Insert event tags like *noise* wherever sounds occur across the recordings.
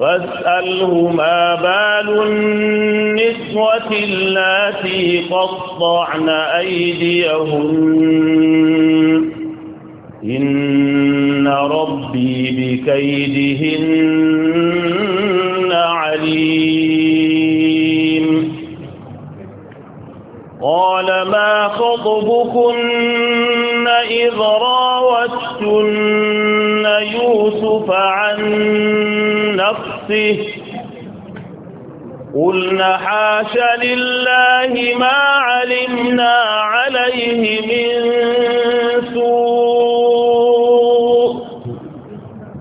فاسألهما بال النسوة التي قطعن أيديهن إن ربي بكيدهن عليم قال ما خطبكن إذ راوتن يوسف عليم نفسه قلنا حاش لله ما علمنا عليه من سوء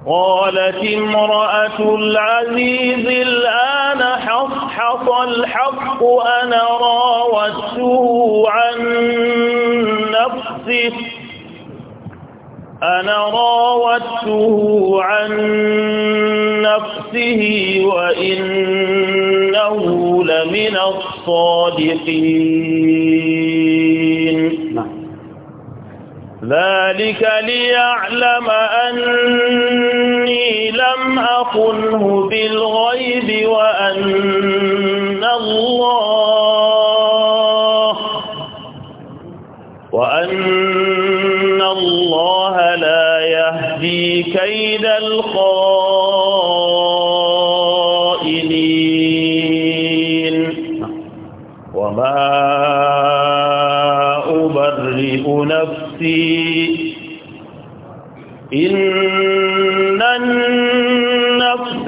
قالت امرأة العزيز الآن حصحص الحق أنا راودته عن نفسه أنا راودته عن نفسه وإنه لمن الصادقين نعم. ذلك ليعلم أني لم أقنه بالغيب وأن الله وأن الله لا يهدي كيد القائل وما أبرئ نفسي إن النفس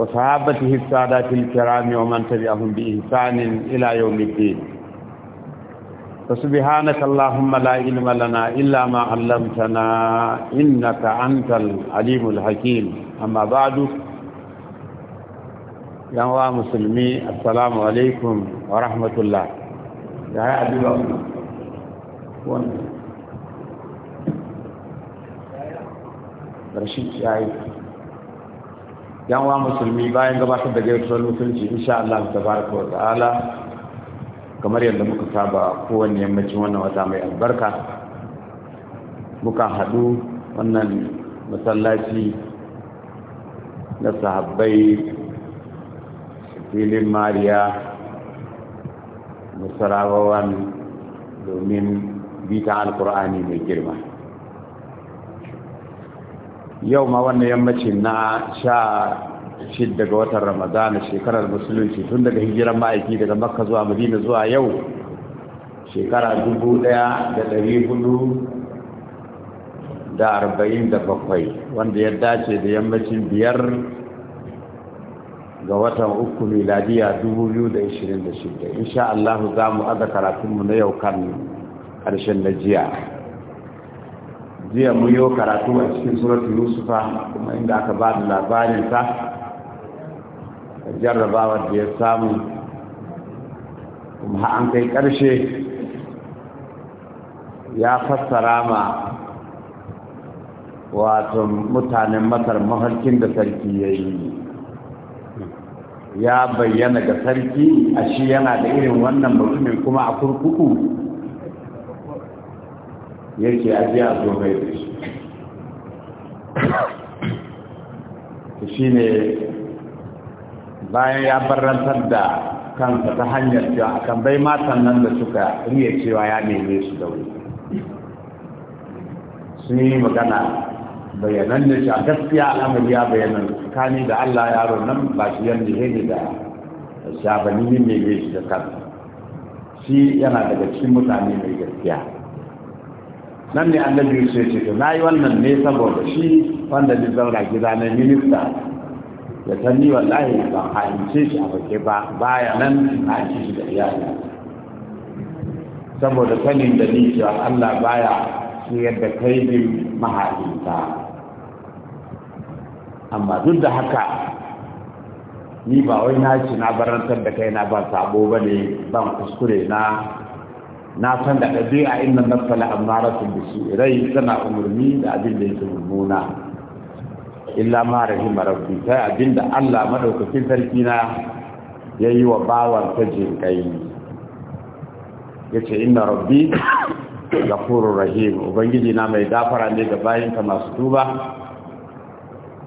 وصحابته السادات الكرام ومن تبعهم بإحسان إلى يوم الدين فسبحانك اللهم لا علم لنا إلا ما علمتنا إنك أنت العليم الحكيم أما بعد يا مسلمي السلام عليكم ورحمة الله يا أبي رشيد شايف yan wa musulmi bayan gabatar da gaisuwar musulunci insha Allah baraka wa ta'ala kamar yadda muka saba kowanne yammacin wannan wata mai albarka muka haɗu wannan masallaci na sahabbai filin mariya musarawawan domin bitan alkur'ani mai girma yau ma wannan yammaci na sha shidda ga watan ramadana shekarar musulunci tun daga hijiran ma'aiki daga makka zuwa madina zuwa yau shekara dubu ɗaya da ɗari hudu da arba'in da bakwai wanda ya dace da yammacin biyar ga watan uku miladiya dubu biyu da ishirin da shida insha Allah za mu aza karatunmu na yau kan ƙarshen na jiya jiya mun yi karatu a cikin suratu yusufa kuma inda aka ba da labarinsa jarrabawar da ya samu kuma an kai ƙarshe ya fassara ma wato mutanen masar mafarkin da sarki ya yi ya bayyana ga sarki a shi yana da irin wannan mutumin kuma a kurkuku yake ajiya a zo da shi shi ne bayan ya barantar da kansa ta hanyar cewa a kan bai matan nan da suka riya cewa ya neme su da wuri sun yi magana bayanan da shi a gaskiya al'amari ya bayanan tsakani da allah yaro nan ba shi yan ya ne da shabanin ne mai shi da kansa shi yana daga cikin mutane mai gaskiya nan ne annabi yusuf ya ce to na yi wannan ne saboda shi wanda ni zaura gida na minista ya san ni wallahi ban ce shi a bake ba baya nan haince shi da iyali saboda sanin da ni cewa Allah baya shi yadda kai ne mahaifinta amma duk da haka ni ba wai na ci na barantar da kai na ban sabo ba ne ban kuskure na na san da ɗabi'a inna nafsa la da bisi rai tana umarni da abin da yake mummuna illa ma rahima rabbi sai abin da Allah madaukakin sarki na yayi wa bawar ta jinkai yace inna rabbi ghafurur rahim ubangiji na mai gafara ne ga bayin ka masu tuba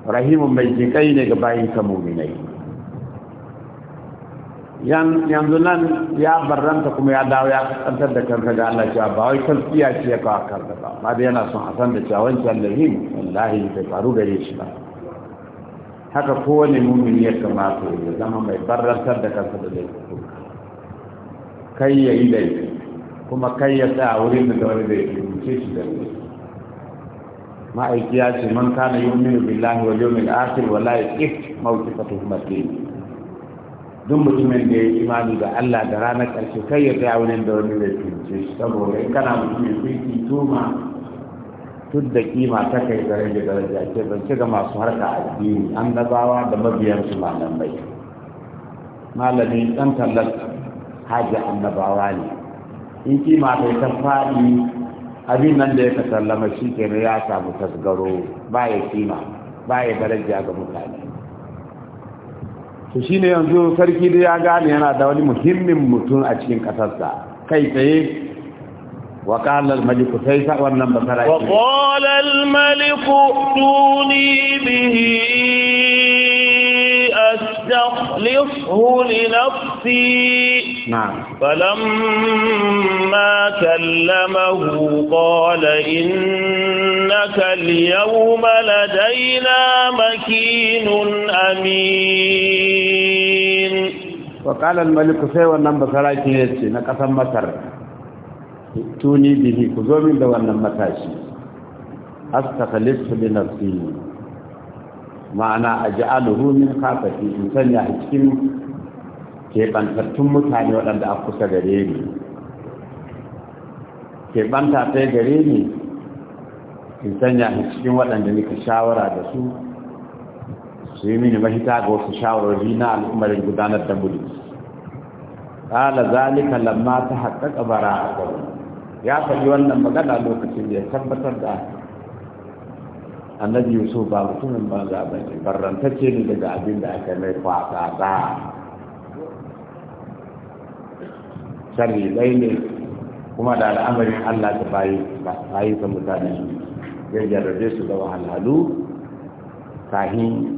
rahimun mai jinkai ne ga bayin ka mu'minai yanzu nan ya barranta kuma ya dawo ya kasantar da kanka ga Allah cewa ba wai kalfiya ce ka kawo kanka ba ma da yana son a san da cewa wancan da yin wallahi bai faru gare shi ba haka kowane mumini ya kamata ya zama mai barrantar da kansa da laifuka kai ya yi laifi kuma kai ya tsaya wurin da wani bai fahimce shi da laifi ma'aiki ya ce man kana yuminu billahi wal yawmil akhir wala yaqif mawqifatuhu madin duk mutumin da ya yi imani da Allah da ranar ƙarshe kai ya ga wani da wani da cuce shi saboda in kana fi ki tuma Tun da kima ta kai rage da daraja ce ban ci ga masu harka addini nazawa da su mabiyansu bai malami dan tallar haji annabawa ne in kima kai ta faɗi abin nan da ya ka sallama shi kenan ya samu tasgaro ba ya kima ba ya daraja ga mutane to shine yanzu sarki da ya gane yana da wani muhimmin mutum a cikin kasarsa kai tsaye وقال الملك سيسا ونم بسرعي وقال الملك ائتوني به تخلصه لنفسي نعم فلما كلمه قال إنك اليوم لدينا مكين أمين وقال الملك سيوى النمبر سرايتي يتي نكسم مصر توني به كزومي دوان نمتاشي أستخلصه لنفسي ma'ana a ji min kafafi in sanya a cikin keɓantattun mutane waɗanda a kusa gare ni keɓanta ta gare ni in sanya a cikin waɗanda nika shawara da su su yi mini mahita ga wasu shawarwari na al'ummarin gudanar da mulki ƙala zalika lamma ta haƙaƙa bara ya faɗi wannan magana lokacin da ya tabbatar da annabi yusuf ba mutumin banza ba ne barrantacce ne daga abin da aka mai kwasa ba sharri dai ne kuma da al'amarin allah ta bayi ba ta mutane ya jarrabe su da wahalhalu kahin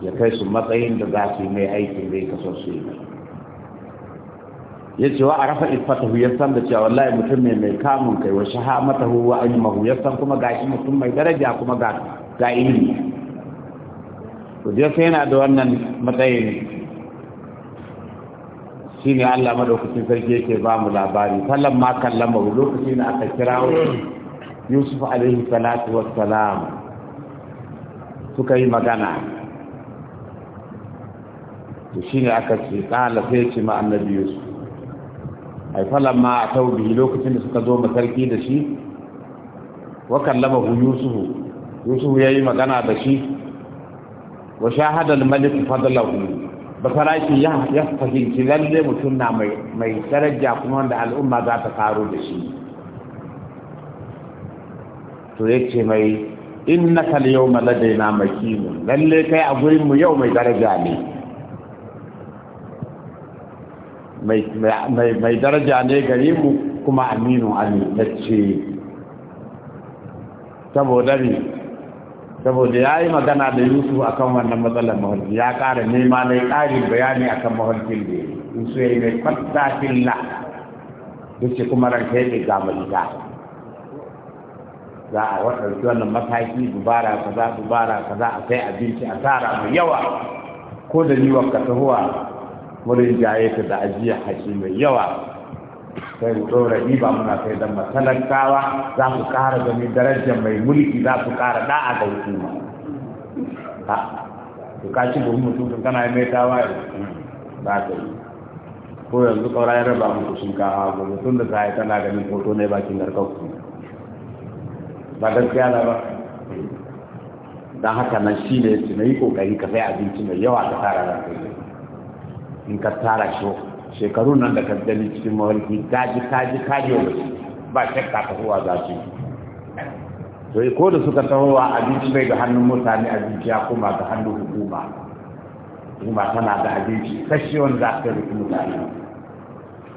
ya kai su matsayin da za su yi mai aikin da ya kaso su yi ya ce wa a rafa ifatahu ya san da cewa wallahi mutum mai mai kamun kai wa shahamatahu wa ilmahu ya san kuma gashi mutum mai daraja kuma ga ga ilimi to dai sai yana da wannan matsayin shine Allah madaukakin sarki yake ba mu labari sallan ma kallama lokacin da aka kirawo Yusuf alaihi salatu wassalam suka yi magana to shine aka ce ƙala sai ce ma annabi yusuf ai falamma a taubi lokacin da suka zo masarki da shi wa kallama yusufu yusufu yayi magana da shi wa shahada al-malik fadlahu basaraki ya ya fahimci lalle mutum na mai mai daraja kuma wanda al'umma za ta karo da shi to yace mai innaka al-yawma ladaina makin lalle kai a gurin mu yau mai daraja ne mai daraja ne gare mu kuma aminu ce saboda ne saboda ya yi magana da yusuf akan wannan matsalar mahalki ya ƙara nema na ƙarin bayani akan mahalkin da yusuf ya yi mai fattafin na duk shi kuma ran kai ne gamalita za a waɗansu wannan mataki dubara kaza dubara kaza a kai abinci a tara mai yawa ko da ni ka tahowa wurin jaye ta da ajiyar haƙi mai yawa sai mu ɗora riba muna kai da matalakawa za ku ƙara gani darajar mai mulki za ku ƙara da'a da hukuma to ka ci domin mutum kana yi mai tawaye ba ka yi ko yanzu ƙaura ya raba muku shinkawa gobe tun da ta tana ganin hoto ne bakin garkauku ba gaskiya na ba don haka nan shi ne su na yi ƙoƙari ka sai abinci mai yawa ka tara da kai in ka tara shi shekaru nan da ka gani cikin mawarki kaji kaji kaji wa ba shakka ta kowa za su to ko da suka tahowa abinci bai ga hannun mutane abinci ya koma ga hannun hukuma hukuma tana da abinci kashi wanda za ka rufe mutane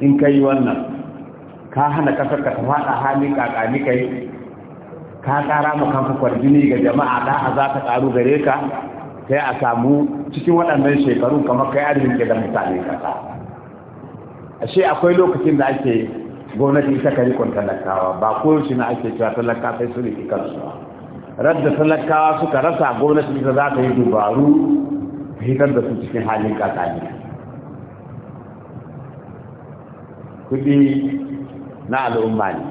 in ka yi wannan ka hana kasar ka ta faɗa hali kakani ka yi ka ƙara ma kanka kwarjini ga jama'a da a za ta ƙaru gare ka sai a samu cikin waɗannan shekaru kamar kai arzikin ke da mutane kasa ashe akwai lokacin da ake gwamnati ita ka kwan talakawa ba ko shi na ake cewa talaka sai su riki su. radda talakawa suka rasa gwamnati ita za ta yi dubaru hitar da su cikin halin kasa ne kudi na al'umma ne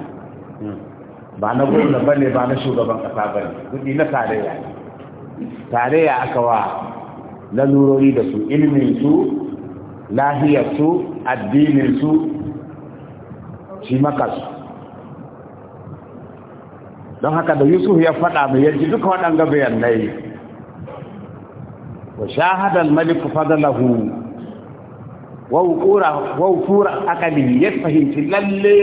ba na gwamna ba ne ba na shugaban kasa ba ne kudi na tarayya tarayya aka wa lalurori da su su, lahiyarsu addininsu shi makasu don haka da yusuf ya faɗa mai yanci duka waɗanga bayanai wa shahadar maliku fadalahu waukura akali ya fahimci lalle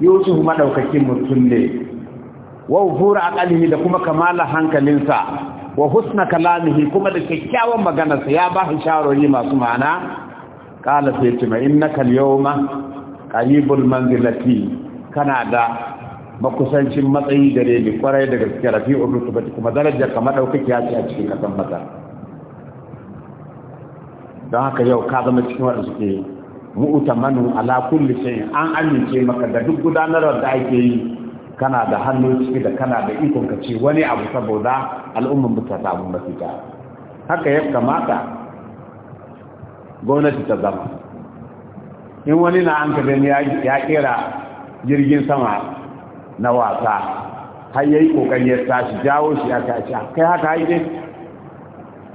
yusuf maɗaukakin mutum ne waukura akali da kuma kamala hankalinsa wa husna kalamihi kuma da kyakkyawan maganarsa ya ba shi shawarwari masu ma'ana qala sai ce innaka al-yawma qaribul manzilati kana da makusancin matsayi gare ni kwarai da gaske rafi'ur rutubati kuma darajar ka madaukakiya ce a cikin kasan mata don haka yau ka zama cikin wanda suke mu'tamanu ala kulli shay'in an amince maka da duk gudanarwar da ake yi kana da hannu ciki da kana da ikon ka ce wani abu saboda al'umman ba ta samu mafita haka ya kamata gwamnati ta zama in wani na an ka gani ya kera jirgin sama na wasa har yayi kokari ya tashi jawo shi aka ce ah, kai haka haike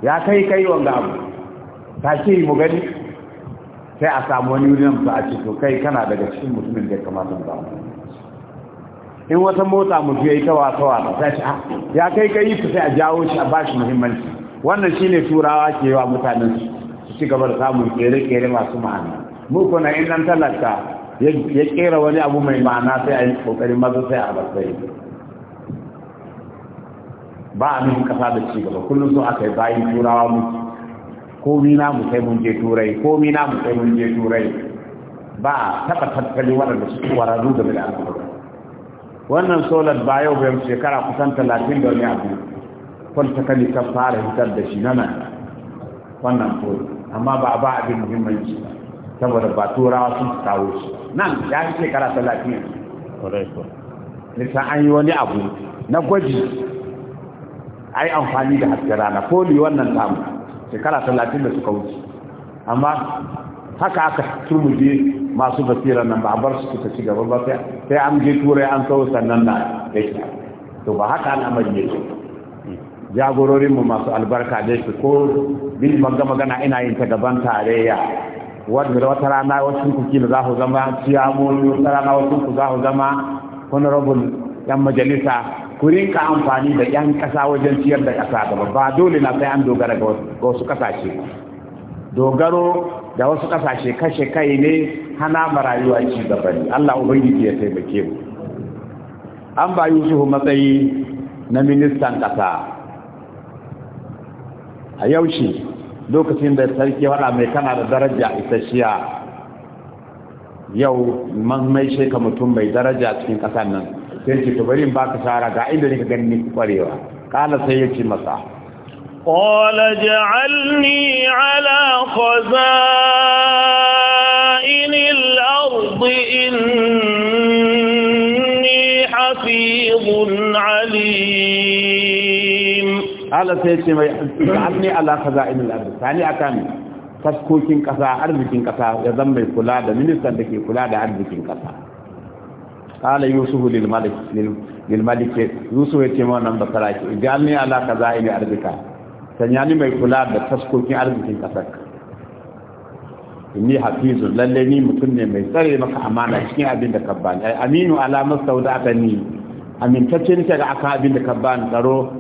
ya kai kai wanga abu ta ce mu gani sai a samu wani na ba a ce to kai kana daga cikin mutumin da ya kamata mu in wata mota mutu ya yi ta wasa wasa ta ce ah, ya kai kai ku sai a jawo shi a ba shi muhimmanci wannan shi ne turawa ke wa mutanen su ci gaba da samun kere-kere masu ma'ana mu kuna in nan talaka ya kera wani abu mai ma'ana sai a yi kokari maza sai a basai ba a nufin kasa da ci gaba kullum so aka yi bayan turawa mu komi na mu sai mun je turai komi na mu sai mun je turai ba taba tattalin waɗanda su kwararru da da al'amura wannan solar ba yau bayan shekara kusan talatin da wani abu kwanta kali ta fara hitar da shi nana wannan solar amma ba ba abin muhimmanci saboda ba turawa sun kawo shi nan ya yi shekara talatin nisan an yi wani abu na gwaji a yi amfani da hasken rana koli wannan tamu shekara talatin da suka wuce amma haka aka turmuje masu basira nan ba bar su suka ci gaba ba sai an je turai an sau sannan na da shi to ba haka al'amari ne jagororin mu masu albarka dai su ko bin magana magana ina yin ta gaban tarayya wanda wata rana wasu ku kila za ku zama ciyamomi wata rana wasu ku za ku zama honorable yan majalisa ku rinka amfani da 'yan ƙasa wajen ciyar da ƙasa gaba ba dole na sai an dogara ga wasu ƙasashe dogaro da wasu ƙasashe kashe kai ne hana ma rayuwa ci gaba ne Allah ubangiji ya taimake mu an ba yusuf matsayi na ministan kasa a yaushe lokacin da sarki wada mai kana da daraja isasshiya yau man mai sheka mutum mai daraja cikin kasan nan sai ce bari in baka shara ga inda nika gani kwarewa kala sai yace masa qala ja'alni ala khazan kala sai ce mai alni ala khaza'in al-ard sani akan faskokin kasa arzikin kasa ya zan mai kula da ministan da ke kula da arzikin kasa kala yusuf lil malik lil malik yusuf ya ce ma wannan basara ki jalni ala khaza'in arzika sanya ni mai kula da faskokin arzikin kasar inni hafizun lalle ni mutum ne mai tsare maka amana cikin abin da ka bani aminu ala masauda ni amintacce nake ga aka abin da ka bani tsaro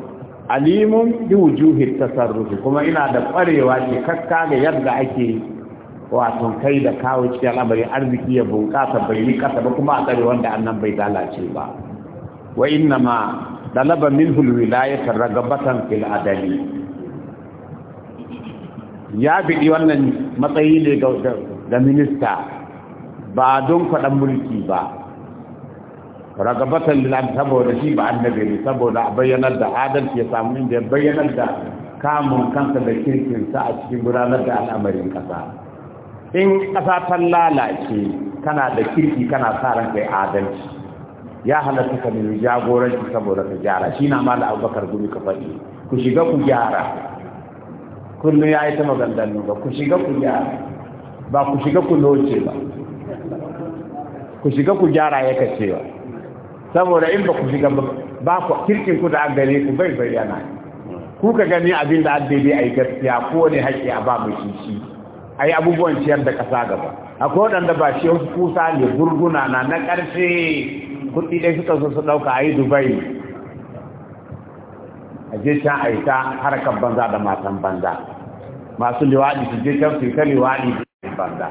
alimun bi wujuhi tasarrufi kuma ina da kwarewa ke kakka ga yadda ake wato kai da kawo cikin al'amari arziki ya bunƙasa bai yi ƙasa ba kuma a tsare wanda annan bai lalace ba wa inna ma dalaba minhu alwilayata ragabatan fil adali ya bidi wannan matsayi ne ga minista ba don kwaɗan mulki ba ragabatan da saboda shi ba annabi ne saboda a bayyanar da adalci ya samu inda ya bayyanar da kamun kansa da kirkinsa a cikin gudanar da al'amarin kasa in kasa ta lalace kana da kirki kana sa ran kai adalci ya halatta ka nemi jagoranci saboda ka gyara shi na mala abubakar gudu ka faɗi ku shiga ku gyara kullum ya yi ta maganganun ba ku shiga ku gyara ba ku shiga ku loce ba ku shiga ku gyara ya kacewa ba saboda in ba ku shiga ba ku kirkin ku da gare ku bai bayyana ku ka gani abin da daidai a yi gaskiya ko ne haƙƙi a ba mu shi shi ai abubuwan ciyar da ƙasa gaba akwai waɗanda ba shi wasu kusa ne gurguna na na ƙarfe. kuɗi dai suka so su ɗauka a yi dubai a je can a yi ta harkar banza da matan banza masu liwaɗi su je can su yi ta liwaɗi banza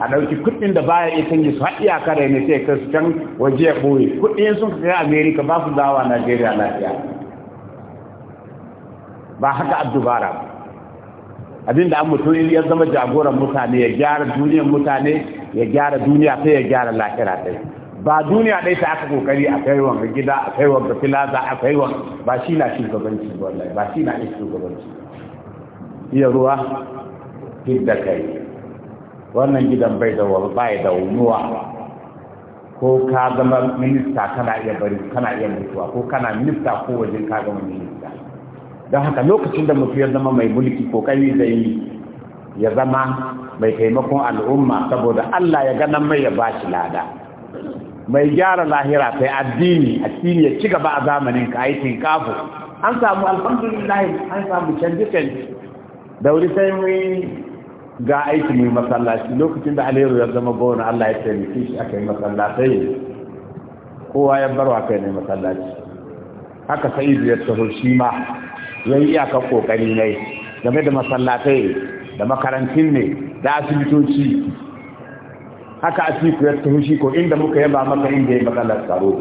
a ɗauki kuɗin da baya ita canji su haɗi a kare ne sai kai su can waje ya ɓoye kuɗin sun kai amerika ba su dawa najeriya lafiya ba haka abdubara abin abinda an mutum ya zama jagoran mutane ya gyara duniyar mutane ya gyara duniya sai ya gyara lahira sai ba duniya dai ta aka kokari a kai wanga gida a kai wanga filaza a kai wanga ba shi na shugabanci wallahi ba shi na shugabanci iya ruwa duk da kai wannan gidan bai da bai da wunuwa ko ka zama minista kana iya bari kana iya mutuwa ko kana minista ko wajen ka zama minista don haka lokacin da mutu ya zama mai mulki ko kai zai yi ya zama mai taimakon al'umma saboda Allah ya ganan mai ya bashi lada mai gyara lahira sai addini addini ya ci gaba a zamanin ka aikin kafu an samu alhamdulillah an samu canje canje da wuri sai ga aiki mai masallaci lokacin da alheru ya zama gona Allah ya taimake shi aka yi masallatai kowa ya barwa kai ne masallaci haka sa'idu ya taho shi ma ya yi iyaka kokari ne game da masallatai da makarantun ne da asibitoci haka asiku ya taho shi ko inda muka yaba maka inda ya matsalar tsaro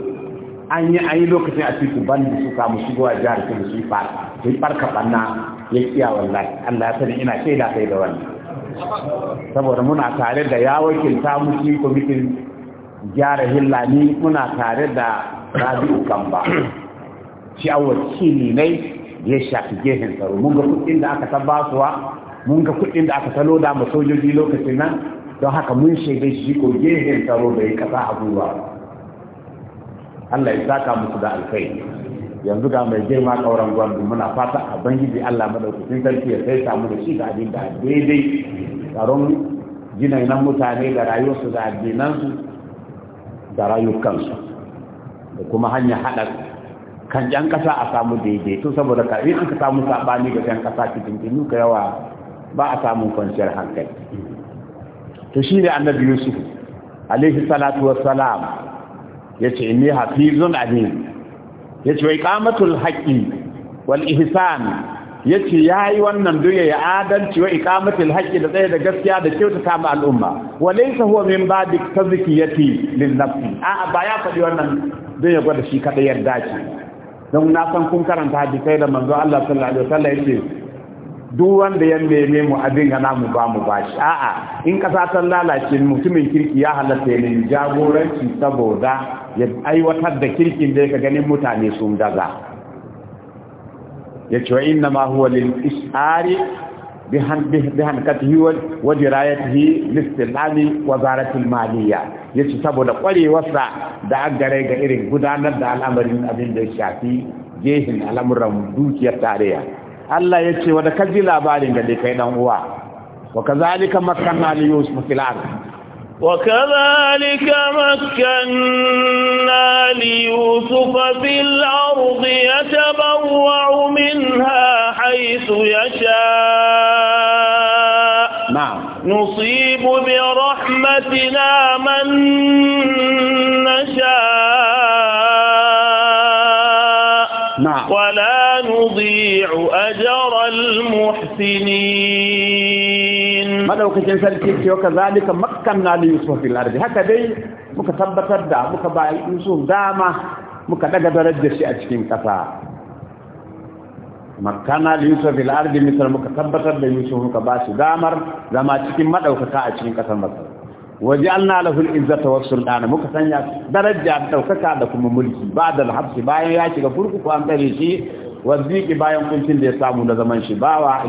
an yi an yi lokacin asiku ban da suka mu shigowa jihar kuma su farka sai farka banna ya kiya wallahi Allah ya sani ina shaida kai da wannan saboda muna tare da ya wakilta mu kwamitin gyara hillani muna tare da rabi'u kamba shi a wakili ne ya shafi gehen tsaro mun ga kuɗin da aka suwa mun ga kuɗin da aka talo da sojoji lokacin nan don haka mun shaida shi ko gehen tsaro ya kasa abubuwa Allah ya saka musu da alkhairi yanzu ga mai girma kauran gwandu muna fata a bangiji Allah madaukakin sarki ya sai samu da shi ga abin da daidai tsaron jinainan mutane da rayuwarsu da addinansu da rayukansu da kuma hanyar haɗa kan ƴan ƙasa a samu daidai. To saboda ka in ka samu saɓani ga ƴan ƙasa cikin tunu ka yawa ba a samu kwanciyar hankali to shi ne annabi yusuf alaihi salatu wassalam ya ce ni hafizun alim ya ce iqamatul haqqi wal ihsan ya ce ya yi wannan duya ya adalci wa ikamatul haƙƙi da tsaye da gaskiya da kyautata ma al'umma wa laysa huwa min ba'di tazkiyati lin nafsi a ba ya faɗi wannan ya gwada shi kaɗai, yarda ce don na san kun karanta hadisai da manzo Allah sallallahu alaihi wasallam ce. duk wanda ya neme mu abin gana mu ba mu bashi a'a in kasa ta lalace mutumin kirki ya halatta ne jagoranci saboda ya aiwatar da kirkin da ya ganin mutane sun daga ya ce wa inna ma huwa lil isari bihankatihi wa dirayatihi listilami wa zaratul maliya ce saboda kwarewarsa da aggare ga irin gudanar da al'amarin abin da ya shafi gehin al'amuran dukiyar tarayya Allah ya ce wadda kaji labarin ga kai dan uwa wa kazalika makanna li yusuf fil ard wa kazalika makanna li yusuf fil ard yatabawwa minha haythu yasha na'am nusibu bi rahmatina man nasha madaukakin sarki ce zalika makkanna li yusuf fil ardi haka dai muka tabbatar da muka ba yusuf dama muka daga darajar shi a cikin kasa makana da yusuf al'ardi misal muka tabbatar da yusuf muka ba shi damar zama cikin madaukaka a cikin kasar masar waje an na lahul izzata wasu sultana muka sanya daraja daukaka da kuma mulki ba da alhabsi bayan ya shiga kurkuku an tsare shi waziki bayan kuncin da ya samu na zaman shi bawa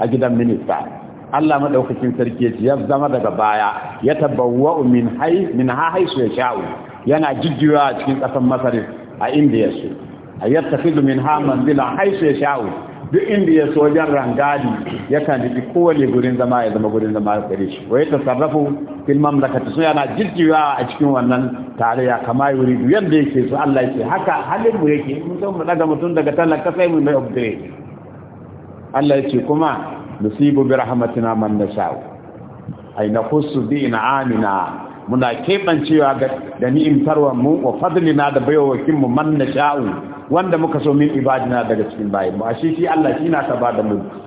a gidan minista Allah madaukakin sarki yace ya zama daga baya ya tabawwa min hay min ha haisu ya sha'u yana jijjiwa a cikin kasan Masar a inda ya so ayattakhidhu min ha manzila haisu ya sha'u duk inda ya so wajen rangadi yakan dubi kowane gurin zama ya zama gurin zama ya gare shi wai tasarrafu fil mamlakati so yana jijjiwa a cikin wannan tarayya kama yuri yanda yake so Allah yake haka halin mu yake mun san mu daga mutum daga talaka sai mu mai upgrade Allah yake kuma nusibu bi rahmatina man nasha'u ay naqussu bi in'amina muna cewa ga da ni'imtarwa mu wa fadlina da kin mu man nasha'u wanda muka so min ibadina daga cikin bayi mu ashe shi Allah shi na ta bada mulki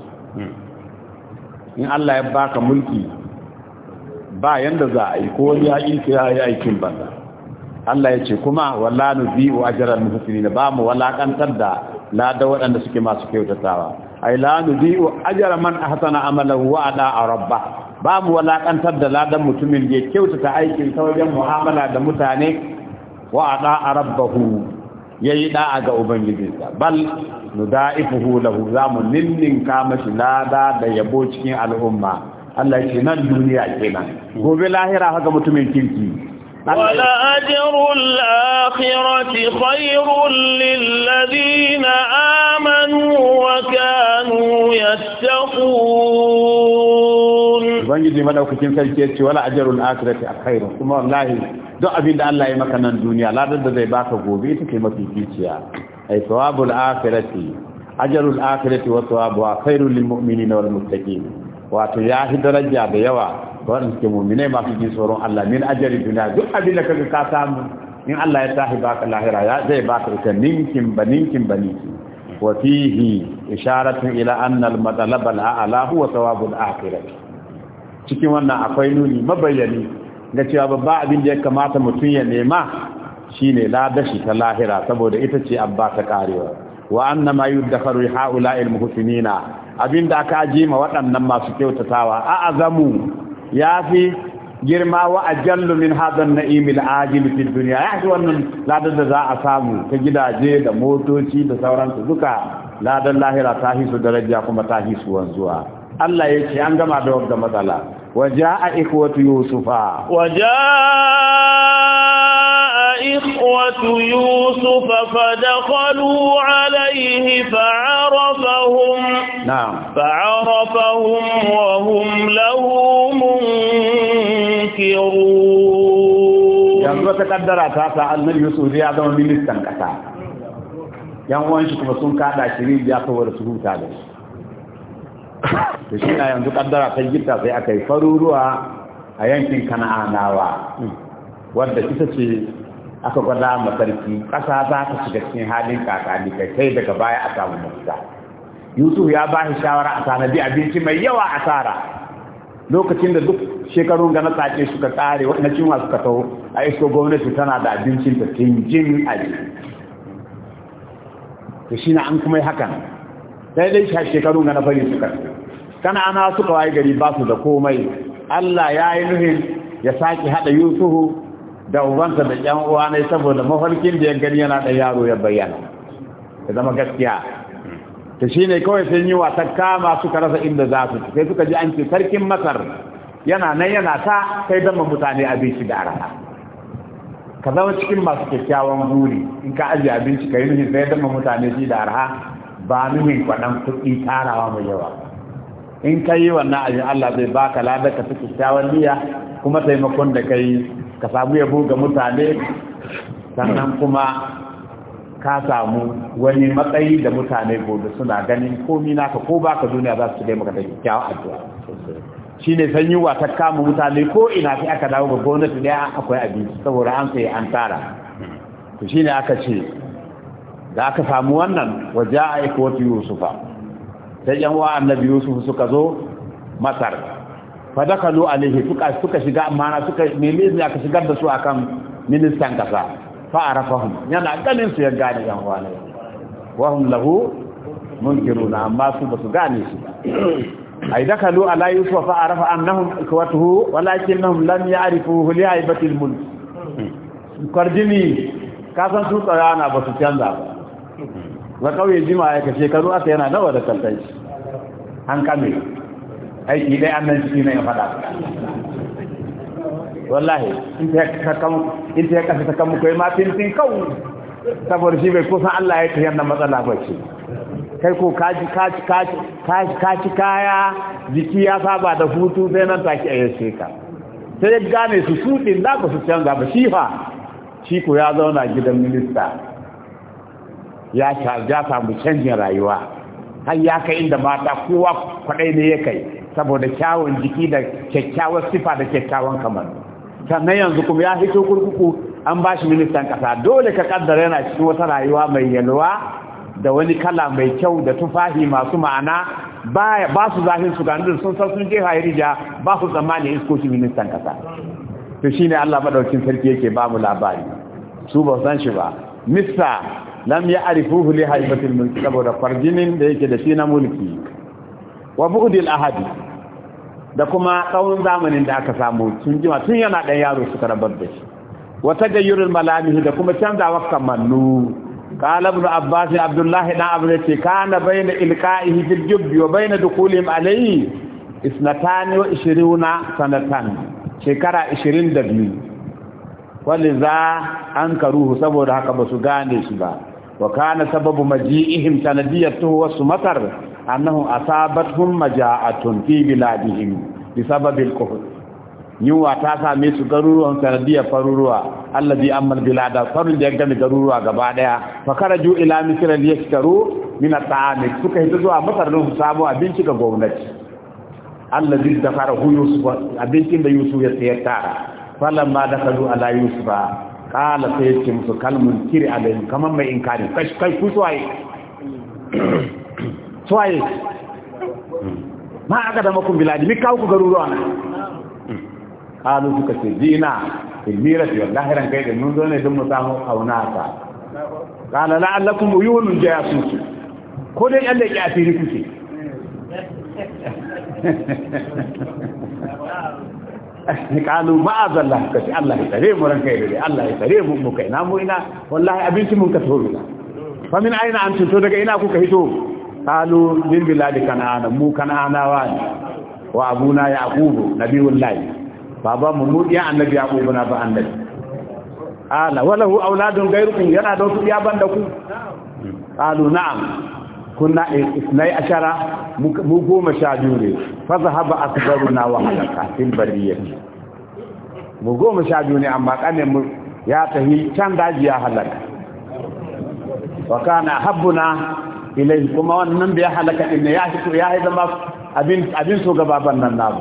in Allah ya baka mulki ba yanda za a yi ko wani ya yi ya yi aikin banza Allah ya ce kuma wala nubi'u ajran muhsinina ba mu wala kantar da lada waɗanda suke masu kyautatawa ay la nudi'u ajra man ahsana amalan wa ada rabba babu kan da ladan mutumin ya kyautata aikin ta wajen mu'amala da mutane wa ada rabbahu yayi da ga ubangiji bal nuda'ifuhu lahu zamu ninnin kama shi lada da yabo cikin al'umma Allah ya ce nan duniya kenan gobe lahira haka mutumin kirki ولأجر الآخرة خير للذين آمنوا وكانوا يتقون ubangiji madaukakin sarki ya ce wala ajarul akhirati alkhairu kuma wallahi duk abin da Allah ya maka nan duniya ladan da zai baka gobe ita ce mafi ficiya ay thawabul akhirati ajarul akhirati wa thawabu khairul lil wato daraja da yawa waɗanda suke mummune masu jin tsoron Allah min ajali duniya duk abin da ka ka samu in Allah ya tahi baka lahira ya zai baka ita ninkin ba ninkin ba ninkin wa fihi isharatun ila anna al-matalab al-a'la huwa thawabul akhirah cikin wannan akwai nuni mabayani ga cewa babba abin da ya kamata mutum ya nema shine ladashi ta lahira saboda ita ce abba ta karewa wa annama yuddakharu haula'il muhsinina abinda aka aje ma waɗannan masu kyautatawa a azamu ya fi girma wa ajallu min hadan na'imil ajil fil dunya ya shi wannan ladan da za a samu ta gidaje da motoci da sauransu duka ladan lahira ta su daraja kuma ta su wanzuwa Allah ce an gama da wannan matsala وجاء إخوة يوسف وجاء إخوة يوسف فدخلوا عليه فعرفهم نعم فعرفهم وهم له منكرون yanzu ta kaddara ta sa annabi Yusuf ya zama ministan kasa yan uwan kuma sun kada shiri ya kawar su huta da shi to shi na yanzu kaddara ta sai aka faruruwa a yankin kana'anawa Wanda ita ce aka gwada ma sarki ƙasa za ta shiga cikin halin kakani kai sai daga baya a samu mafita yusuf ya ba shi shawara a sanadi abinci mai yawa a tara lokacin da duk shekarun gana tsake suka kare na cinwa suka taho a isko gwamnati tana da abincin ta jin aji to shi na an kuma hakan sai dai shi shekarun gana fari suka kana ana suka waye gari ba su da komai Allah ya yi nuhin ya sake haɗa Yusufu da ubansa da yan uwa ne saboda mafarkin da ya gani yana da yaro ya bayyana ya zama gaskiya ta shine kawai sun yi wasa kama suka rasa inda za su sai suka ji an ce sarkin masar yana nan yana ta kai zama mutane abinci da arha ka zama cikin masu kyakkyawan buri in ka ajiye abinci ka yi nuhin sai zama mutane shi da arha ba nuhin kwaɗan kuɗi tarawa mai yawa in ka yi wannan abin allah zai baka ladaka su kyakkyawan niyya kuma taimakon da ka yi ka samu yabo ga mutane sannan kuma ka samu wani matsayi da mutane gobe suna ganin komi naka ko baka duniya za su dai da kyakkyawa addu'a shi ne sanyi wa ta kama mutane ko ina sai aka dawo ga gwamnati ne akwai abinci saboda an sai an tara to shi ne aka ce da aka samu wannan waje a ikwatu yusufa sai yan wa annabi yusuf suka zo masar fadakalu alaihi suka suka shiga mana suka ne aka shigar da su akan ministan kasa fa arafahum yana ganin su ya gane yan wani wa hum lahu munkiruna amma su ba su gane shi *clears throat* ai dakalu ala yusuf fa arafa annahum ikwatuhu walakinhum lam ya'rifuhu li haibati al-mulk karjini ka san su ba su canza ba wa kauye jima'a yake shekaru karu aka yana nawa da kantai an kame aiki dai annan shi ne ya faɗa wallahi in ta ka kan in ta ka ta kan kai ma tin tin shi bai sa Allah ya tan na matsala ba ci. kai ko kaji kaji ka kaji kaya jiki ya fa ba da hutu sai nan ci a yace ka sai ya gane su su din da ko su canza ba shi fa shi ko ya zauna gidan minista ya ja samu canjin rayuwa har ya kai inda mata kowa kwadai ne ya kai saboda kyawun jiki da kyakkyawar sifa da kyakkyawan kamar sannan yanzu kuma ya fito kurkuku an ba shi ministan kasa dole ka kaddara yana cikin wata rayuwa mai yalwa da wani kala mai kyau da tufahi masu ma'ana ba su zafin su ganin sun san sun je hairija ba su tsammani iskoci ministan ƙasa to shine Allah madaukin sarki yake ba mu labari su ba san shi ba mista lam ya arifuhu li haibatil mulki saboda farjinin da yake da shi na mulki wa bu'dil ahadi da kuma tsawon zamanin da aka samu tun jima tun yana ɗan yaro suka rabar da shi wata gayyurin malamihi da kuma canza wakan mannu قال ابن عباس عبد الله بن عباس كان بين alaihi? في الجب وبين دخولهم عليه 22 سنه شكرا 22 an karuhu saboda haka basu gane shi ba wa kana sababu maji'ihim sanadiyatu wasu masar? annahum asabatuhum maja'atun fi biladihim bisababil kufr yunwa ta same su garuruwan sanadiyar faruruwa allazi ammal bilada farin da ya gani garuruwa gaba daya fa karaju ila misr liyashtaru min at'ami suka hita zuwa masar don su samu abinci ga gwamnati allazi dafarahu yusuf abincin da yusuf ya sayar tara falamma dakalu ala yusufa kala sai ya ce musu kiri alaihim kamar mai inkari kash suwaye ma aka da makon biladi mi kawo ku garuruwa na kalu suka ce jina ilmira ce wallahi ran kai da mun zo ne don mu samu auna ta kala la'allakum uyunun jayasusu ko dai Allah ya asiri kuke *laughs* kalu ma'azallah kace Allah ya tare mu ranka yare Allah ya tare mu mu kai na mu ina wallahi abinci mun ka tsoro fa min aina an to daga ina kuka hito qalu lil biladi kan'ana mu kan'anawa wa abuna yaqub nabiyullahi baba mu mu ya annabi yaqub na ba annabi ala walahu auladun ghayrukum yana da su ya banda ku qalu na'am kunna isnai ashara mu goma sha biyu ne fa zahaba akbaruna wa halaka fil bariyah mu goma sha biyu amma kanin mu ya tafi can daji ya halaka wa kana habbuna ilai kuma wannan da ya halaka din ya shi ya yi zama abin abin so gaba nan nan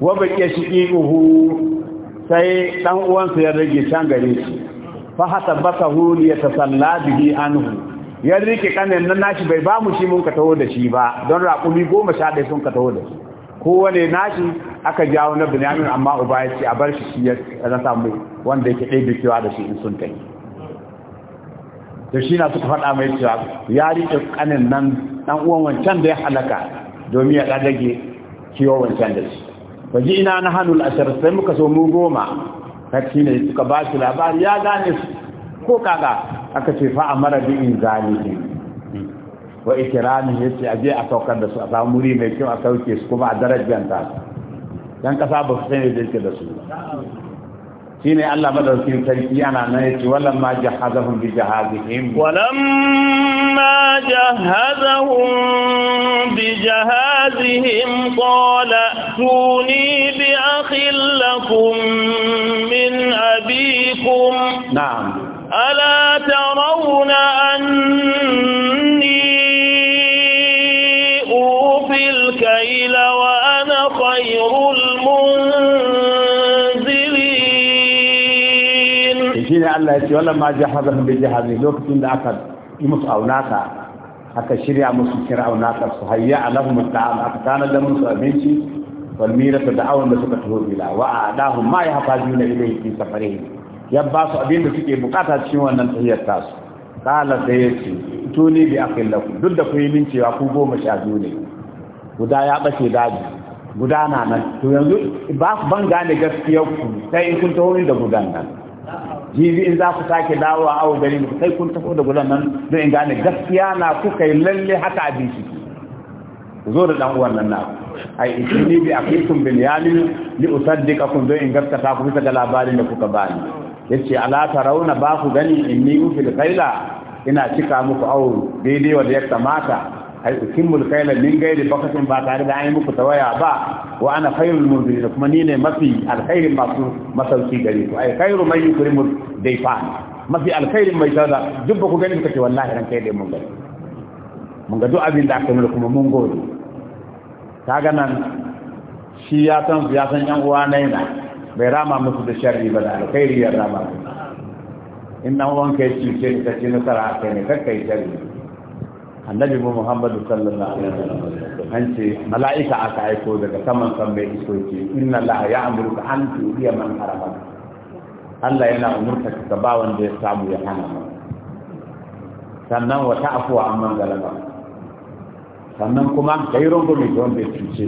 wa shi ihu sai dan uwansa ya rage can gare shi fa hatabasahu li yatasalla bihi anhu ya rike kanin nan nashi bai ba mu shi mun ka taho da shi ba don raƙumi goma sha dai sun ka taho da shi kowane nashi aka jawo na binamin amma uba ya ce a bar shi shi ya rasa mu wanda yake ɗaya da da shi in sun kai da shi na suka faɗa mai cewa ya riƙe ƙanin nan ɗan uwan wancan da ya halaka domin ya ɗadage kiwo wancan da shi ba ji ina na hannun ashir sai muka so mu goma kaci ne suka ba shi labari ya gane su ko kaga aka ce fa a mara bi in zalihin wa ikirani ya ce aje a saukar da su a samu wuri mai kyau a sauke su kuma a darajanta su dan kasa ba su da yake da su شيني الله بدر في سيدي نيتي ولما جهزهم بجهازهم ولما جهزهم بجهازهم قال ائتوني باخ لكم من ابيكم نعم الا ترون Allah ya ce wala ma jahazahum bi jahazi lokacin da aka yi musu aunaka aka shirya musu kira aunaka su hayya alahum ta'am aka tana da musu abinci wal mirata da awon da suka taho ila wa adahum ma yahfazuna ilayhi fi safarihim ya ba su abin da suke bukata cikin wannan tahiyar tasu kala sai ya ce tuni bi akhil lakum duk da ku yi min cewa ku goma sha biyu ne guda ya bace daji guda na nan to yanzu ba ban gane gaskiyar ku sai in kun taho ni da gudan nan jibi in za ku sake dawowa awo gari ku sai kun tafi da gudan nan don in gane gaskiya na kuka yi lalle haka a abin shi zo da dan uwan nan na ai ni bi aqikum bil yali li usaddiqakum don in gaskata ku bisa ga labarin da kuka bani yace ala tarawna ba ku gani in inni fil khaila ina cika muku awo daidai wanda ya kamata hay ukimmul kayla min gairi bakatin ba tare da ayi yi muku tawaya ba wa ana khairul munzirin kuma ni ne mafi alkhairin masu masauki gare ku ai khairu man yukrimu dayfan mafi alkhairin mai tada dubba ku ganin ce wallahi ran kai dai mun gani mun ga du'a abin da aka nuna kuma mun gode kaga nan shi ya san ya san yan uwa na yana bai rama musu da sharri ba da alkhairi ya rama in nan wanka ya cuce ka ce nasara kai ne kakkai sharri annabi mu muhammadu sallallahu alaihi wasallam an ce mala'ika aka aiko daga saman san mai isoki inna allaha ya'muru ka an tu'iya man haraba Allah yana umurta ka ba wanda ya samu ya hana ma sannan wa ta'fu amman galaba sannan kuma kai rongo mai don ya cuce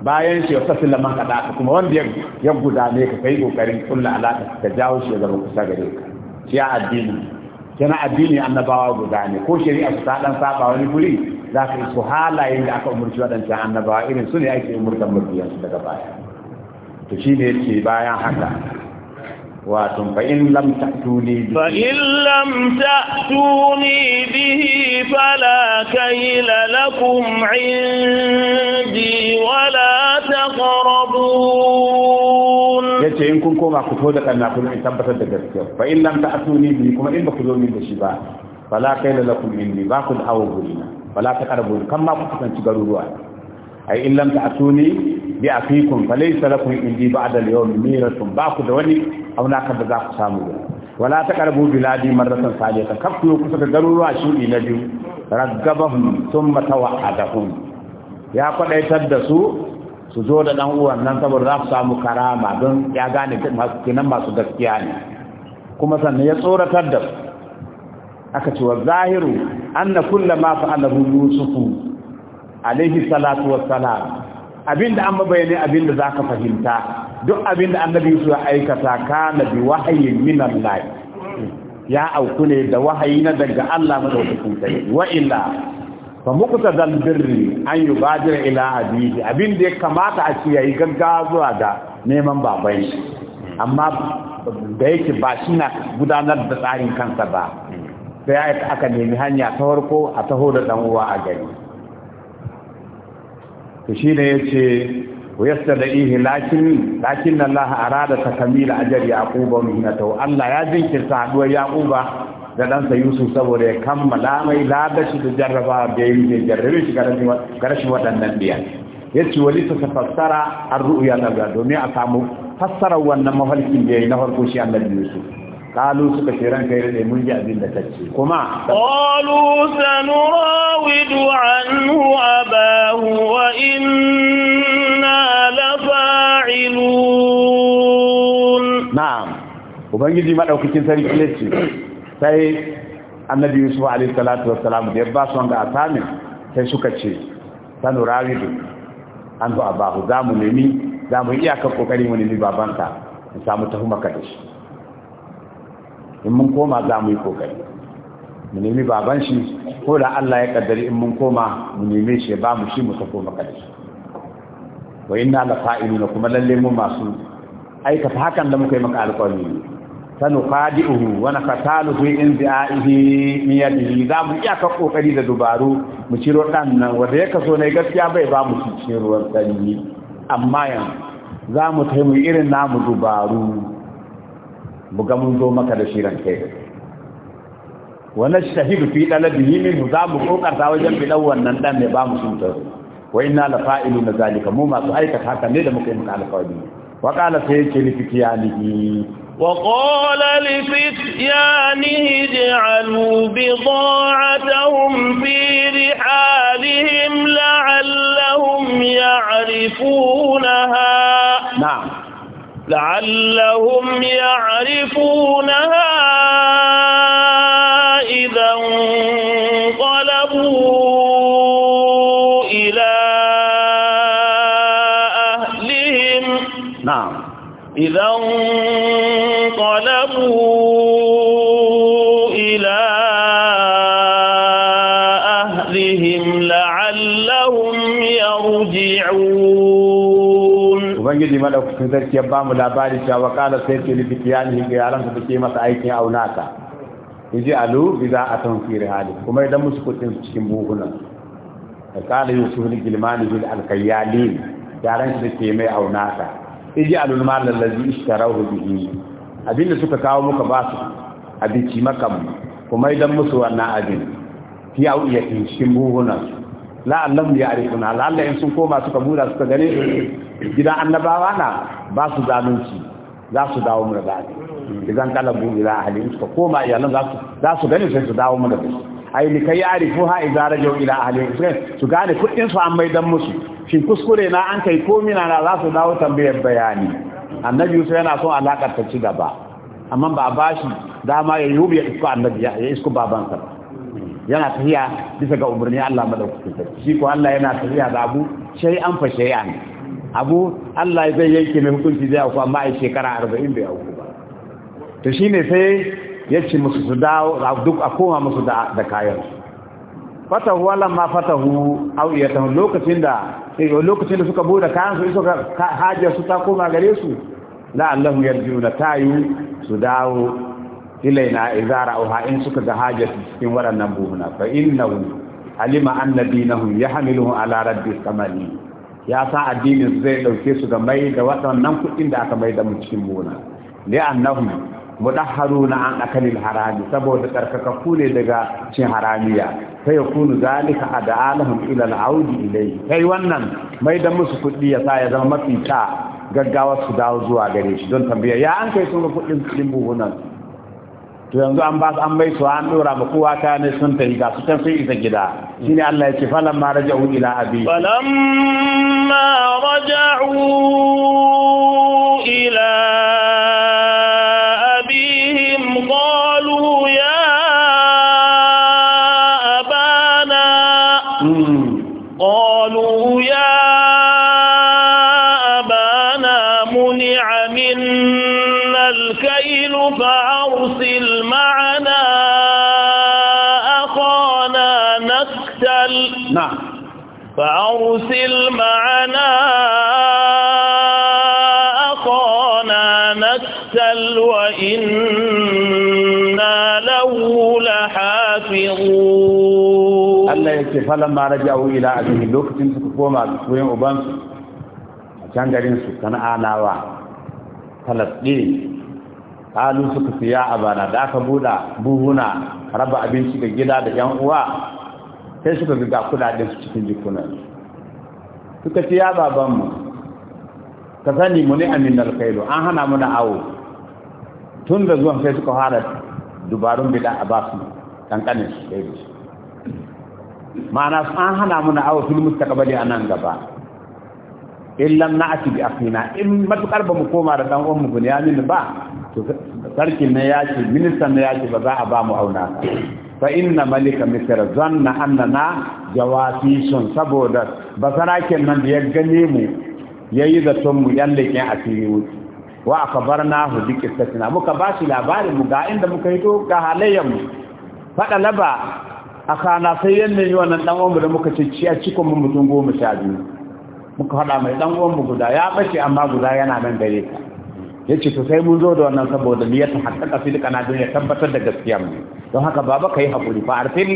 bayan shi ya fasil man kada kuma wanda ya gudane ka kai kokarin kullu alaka ka jawo shi ya zama kusa gare ka shi addini kenan addini annabawa guda ne ko shari'a su ta dan saba wani guri za ka su halayen da aka umurci waɗancan annabawa irin su ne ake umurtan murbiyan su daga baya to shi ne yake bayan haka wato fa in lam ta'tuni fa in lam ta'tuni bihi fala kayla lakum 'indi wala taqrabun yace in kun koma ku to da kanna kun in tabbatar da gaskiya fa in lam ta'tuni bi kuma in ba ku zo min da shi ba fala kayla lakum minni ba ku da awgurina fala taqrabu kan ma ku kusanci garuruwa ai in lam ta'tuni bi afikum falaysa lakum indi ba'da al-yawm miratun ba ku da wani auna kan da za ku samu wala taqrabu biladi marratan salihatan kaf ku kusa da garuruwa shudi na biyu raggabahum thumma tawa'adahum ya kwadaitar da su su zo da ɗan uwan nan saboda za su samu karama don ya gane kenan masu gaskiya ne kuma sannan ya tsoratar da aka ce wa zahiru anna kullama fa'alahu yusufu alaihi salatu wassalam abinda an mabayani abinda zaka fahimta duk abinda annabi Yusuf ya aikata kana bi wahyin min ya auku ne da wahayi na daga Allah madaukakin sarki wa illa fa muqtadal birri an yubadir ila abihi abin da ya kamata a ce yayi gaggawa zuwa ga neman babai. amma da yake ba shi na gudanar da tsarin kansa ba sai aka nemi hanya ta farko a taho da dan uwa a gari to shi ne yace lakin lakin Allah arada أراد تكميل yaquba ta ومهنته Allah ya jinkirta haduwar yaquba da ɗansa yusuf saboda ya kammala mai ladashi da jarraba da ya yi jarrabe shi garashin waɗannan biyan ya ce wani ta fassara an ru'uya daga domin a samu fassarar wannan mafarkin da ya yi na farko shi annabi yusuf قالوا سكثيرا كيرا لمن جاء بين تكسي كما قالوا سنراود عنه أباه وإنا لفاعلون نعم وبنجي ما لو كنت سريك sai annabi yusuf alayhi salatu wassalam da ya ba su wanga asami sai suka ce sanu rawidu an zo abahu za mu nemi za mu iyakar kokari mu nemi babanka mu samu tahumaka da shi in mun koma za mu yi kokari mu nemi baban shi ko da Allah ya kaddari in mun koma mu neme shi ba mu shi mu tafi maka da shi wa inna la fa'iluna kuma lalle mu masu aikata hakan da muka yi maka alƙawari sanuqadihu wa nakatalu fi inzi'ihi miyadihi yadihi za mu iya ka kokari da dubaru mu ciro dan nan wanda ya kaso ne gaskiya bai ba mu ciro ruwan sanyi amma yan za mu tai mu irin namu dubaru mu ga mun zo maka da shirin kai wa shahidu fi talabihi min za mu kokarta wajen bidan wannan dan ne ba mu cutar wa inna la fa'iluna zalika mu masu aikata haka ne da muka yi alƙawari wa qala sayyidi fikiyanihi وقال لفتيانه اجعلوا بضاعتهم في رحالهم لعلهم يعرفونها نعم لعلهم يعرفونها إذا انقلبوا إلى أهلهم نعم إذا انقلبوا Ubangiji mada ku sun sarki ya ba mu labari cewa wa ƙalar sai ke lufi ta yanayi ga yaran su suke masa aikin ta. In ji alu bi za a tafi fere hali kuma idan musu kuɗin su buhuna. Da ƙalar yin su wani gilmani bin alƙayyali yaran su suke mai ta. In ji abinda suka kawo muka ba su abinci makam kuma idan musu wannan abin fi au iya cikin buhuna su la'allam ya arifuna la'alla in sun koma suka bura suka gane gida annabawa na ba su zalunci za su dawo mu da ba idan bu ila ahli suka koma nan za su za su gane sai su dawo mu da ba ai ni kai arifu ha idan rajau ila ahli su gane kudin su an mai dan musu shin kuskure na an kai komina na za su dawo tambayar bayani annabi yusa yana son alaƙar ta ci gaba amma ba ba shi dama ya yi ya isko annabi ya isko babansa yana tafiya bisa ga umarni Allah madaukakin ta. shi ko Allah yana tafiya da abu shai an fa shai an abu Allah zai yanke mai hukunci zai auku amma a shekara arba'in bai auku ba to ne sai ya ci musu su dawo duk a koma musu da kayan fatahu wala ma fatahu au lokacin da eh, lokacin da suka bude kayan su isa hajar su ta koma gare su la'allahum yarjuna tayu su dawo ilaina izara uha in suka ga hajatu cikin waɗannan buhuna fa innahu alima anna dinahum yahmiluhu ala raddi samani ya sa addinin su zai ɗauke su ga mai da waɗannan kuɗin da aka mai da mu cikin buhuna annahu mudahharuna an akalil harami saboda tsarkakakku ne daga cin haramiya sai yakunu zalika adalahum ila al-audi ilayhi kai wannan mai da musu kuɗi ya sa ya zama mafi mafita gaggawa su dawo zuwa gare shi don tambaya ya an kai sun ga kudin kudin buhunan to yanzu an ba an mai su an dora ma kowa ta ne sun tari ga su can sun isa gida shi ne Allah ya ce falan ma raja'u ila abi falan ma raja'u ila أرسل معنا أخانا نكتل وإنا له لحافظون الله يكفي لما رجعوا إلى أبيه لوك تنسك مع بسوين أبانس عشان قرين سكنا آناوا فلسطين قالوا سكت يا أبانا داك بودا بوهنا رب أبين سكت جدا دا ينقوا sai suka ga kudaden su cikin jikunan suka ce ya babanmu ka sani mu ne amin alkailu an hana mu da awo tun da zuwan sai suka fara dubarun bida a ba su kankanin su kai su ma'ana an hana mu na awo fil mustaqbali a nan gaba a na'ati bi fina in matukar ba mu koma da dan uwan mu bunyamin ba to sarkin na ya ce ministan na ya ce ba za a ba mu auna fa inna malika misra zanna annana jawafisun saboda basaraken nan da ya gane mu yayi zaton mu a asiri wuce wa akhbarnahu bi qissatina muka bashi labarin mu ga inda muka yi to ga halayen mu fada laba akana sai yanne yi wannan dan uwan mu da muka ci a cikin mu mutum goma sha biyu muka fada mai dan uwan mu guda ya bace amma guda yana nan gare ka yace to sai mun zo da wannan saboda ni ya ta haƙƙa fi duka na don ya tabbatar da gaskiyar mu don haka baba ka yi haƙuri fa arsil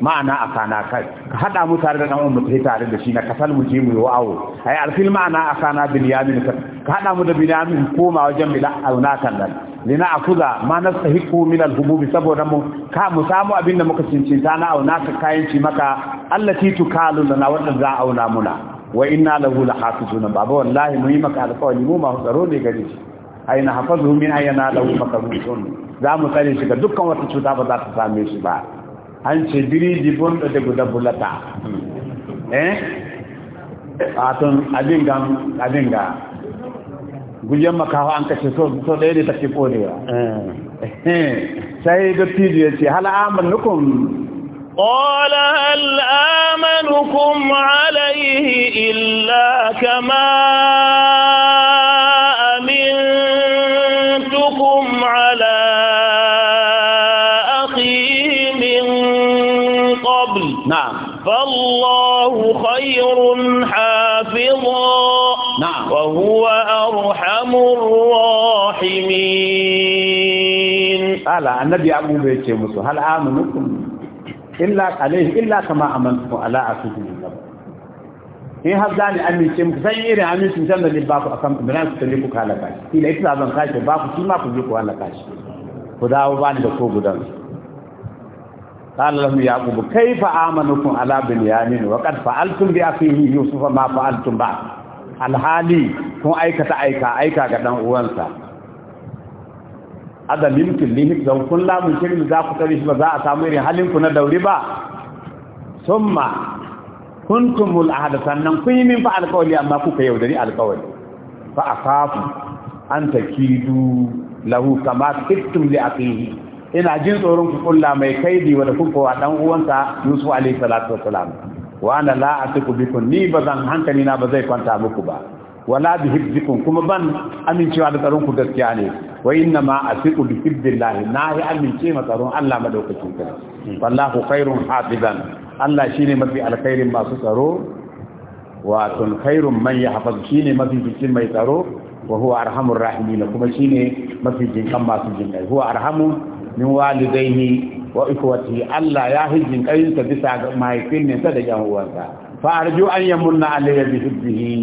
ma'ana a kana kai ka haɗa mu tare da ɗan mu tare da shi na kasal mu je mu yi wa'awo ai arsil ma'ana a kana binyamin ka haɗa mu da binyamin koma wajen bila auna kan nan lina akuza ma nastahiqu min al-hububi saboda mu ka mu samu da muka cincinta na auna ka kayan ci maka allati tukalu na wadda za auna muna wa inna lahu suna baba wallahi mu yi maka alƙawari mu ma tsaro ne gare shi aina hafazu min ayyana lahu makarutun za mu tsare shi ga dukkan wata cuta ba za ta same shi ba an ce biriji bondo da guda bulata eh atun abin ga abin ga gujen makawa an kace so so ɗaya ne take kodewa eh. eh. sai da fiji ya ce hal amanukum قال هل آمنكم عليه إلا كما qala annabi abu bai ce musu hal amanukum illa alayhi illa kama amantu ala asubi in har za ni amince muku san irin amincin can da ba ku akan ibran ku tare ku ka shi ne ita zan kashe ba ku shi ma ku je ka shi ku dawo ba ni da ko gudan qala lahum yaqub kayfa amanukum ala binyamin wa qad fa'altum bi akhihi yusufa ma fa'altum ba alhali kun aikata aika aika ga dan uwansa adamin kullihim dan kun lamun shirin za ku tare shi ba za a samu irin halin ku na dauri ba summa kuntumul ahad sannan kun yi min fa alƙawli amma kuka yaudari alƙawli fa asafu an kidu lahu kama kittum li aqihi ina jin tsoron ku kulla mai kaidi wa da kuka wa dan uwansa Yusuf alayhi salatu salam wa ana la atiku bikum ni bazan hankali na ba zai kwanta muku ba wala bi hibzikum kuma ban amincewa da tsaron ku gaskiya ne wa inna ma asiqu bi hibbillahi na yi amince ma tsaron Allah madaukakin kai wallahu khairun hafizan Allah shine mafi alkhairin masu tsaro wa tun khairun man yahfaz shine mafi bikin mai tsaro wa huwa arhamur rahimin kuma shine mafi jinkan masu jinkai huwa arhamu min walidayhi wa ikwati Allah ya hijin kayinsa bisa ga mahaifinsa da yan uwansa fa arju an yamunna alayya bi hibbihi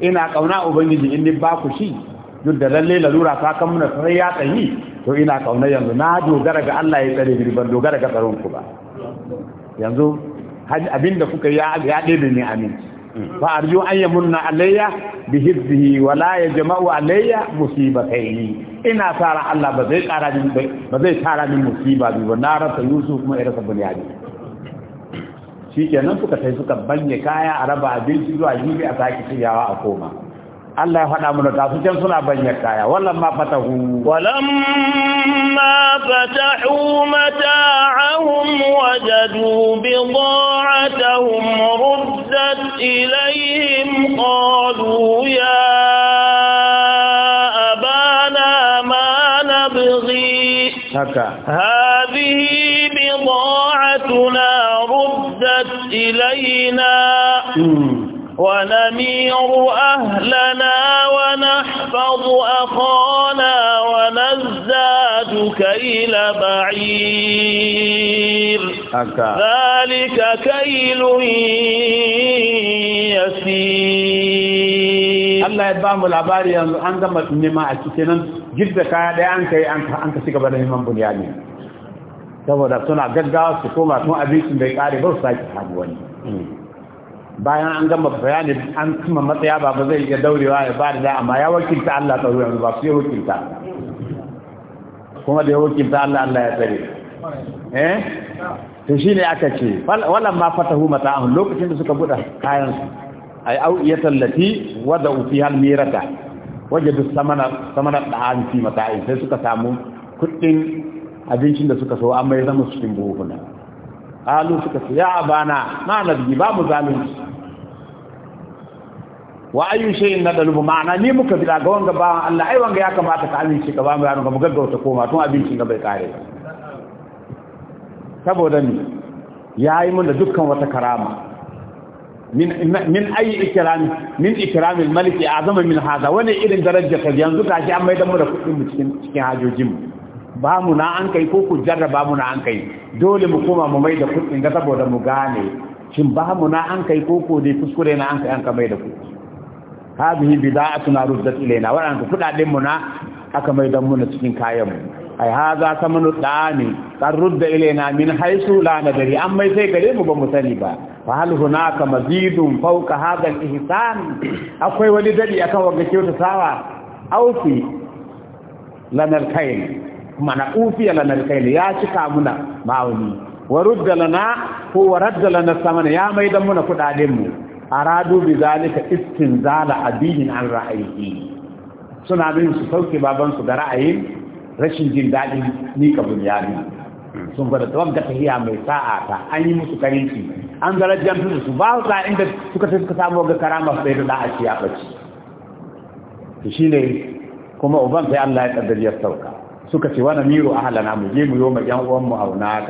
ina kauna ubangiji in ni ba ku shi duk da lalle lalura ta kan muna sai ya tsayi to ina kauna yanzu na dogara ga Allah ya tsare ni ban dogara ga tsaron ku ba yanzu abinda kuka ya ya dade ni amin mm. fa arju an yamunna alayya bi hibbihi wa la yajma'u alayya musibataini ina tsara Allah ba zai kara ni ba zai tara min musiba bi wa na rasa yusuf kuma irasa bunyani kenan suka sai suka banye kaya a raba abinci zuwa jibi a sake ciyawa a koma Allah ya faɗa mana ta su can suna banye kaya wallan ma fatahu wallan ma fatahu mata'ahum wajadu bidatahum ruddat ilayhim qalu ya abana ma nabghi haka hadhihi bidatuna إلينا ونمير أهلنا ونحفظ أخانا ونزداد كيل بعير ذلك كيل يسير الله يبام العباري أنظمت مما أكتنا جدا كاية أنك أنك أنك سيكبر من بنيانين saboda suna gaggawa su koma sun abincin bai kare ba su sake samu wani bayan an gama bayani an kuma matsaya ba ba zai iya daurewa ya ba da za amma ya wakilta Allah ta ruwa ba su ya wakilta kuma da ya wakilta Allah Allah ya tsare eh to shine aka ce wallan ma fatahu mata'ahum lokacin da suka buɗe kayan su ay awiyatan lati wada'u hal mirata wajadu samana samana an fi mata'in sai suka samu kuɗin abincin da suka so amma ya zama cikin buhuna Halu suka ce ya abana ma nabi ba mu zalunci wa ayyu shay'in nadalubu ma'ana ni muka bi ga wanga ba Allah ai wanga ya kamata ka amince ka ba mu yaro ka mu gaggauta koma tun abincin ga bai kare saboda ni yayi mun da dukkan wata karama min min ayi ikram min ikram al-malik azama min hada wani irin darajar ka yanzu kashi an amma da mu da kudin mu cikin cikin hajojin mu ba mu na an kai ko ku jarraba mu na an kai dole mu koma mu mai da kuɗin ga saboda mu gane shin ba mu na an kai ko ko dai kuskure na an kai an ka mai da ku hadhihi bida'atuna ruddat ilaina waɗanda kuɗaɗen mu na aka mai da mu na cikin kayan mu ai haza samanu dani kan rudda ilaina min haisu la nadari an mai sai gare mu ba mu sani ba fa hal hunaka mazidun fawqa hadha al-ihsan akwai wani dadi akan wanda sawa? aufi lanar kai. mana ufiya lana kaili ya cika muna ma'auni wa lana ko wa radda lana samana ya maidan muna kudaden mu aradu bi zalika istinzala adihin an ra'ayi suna bin su sauke baban su da ra'ayin rashin jin dadi ni ka bunyani sun gwada tsawon da tahiya mai sa'a ta an yi musu karinci an darajar su ba su inda suka ta suka samu ga karama su da a ya bace to kuma uban sai Allah ya kaddar ya sauka suka ce wani miro a halana mu je mu yi ma yan uwan mu auna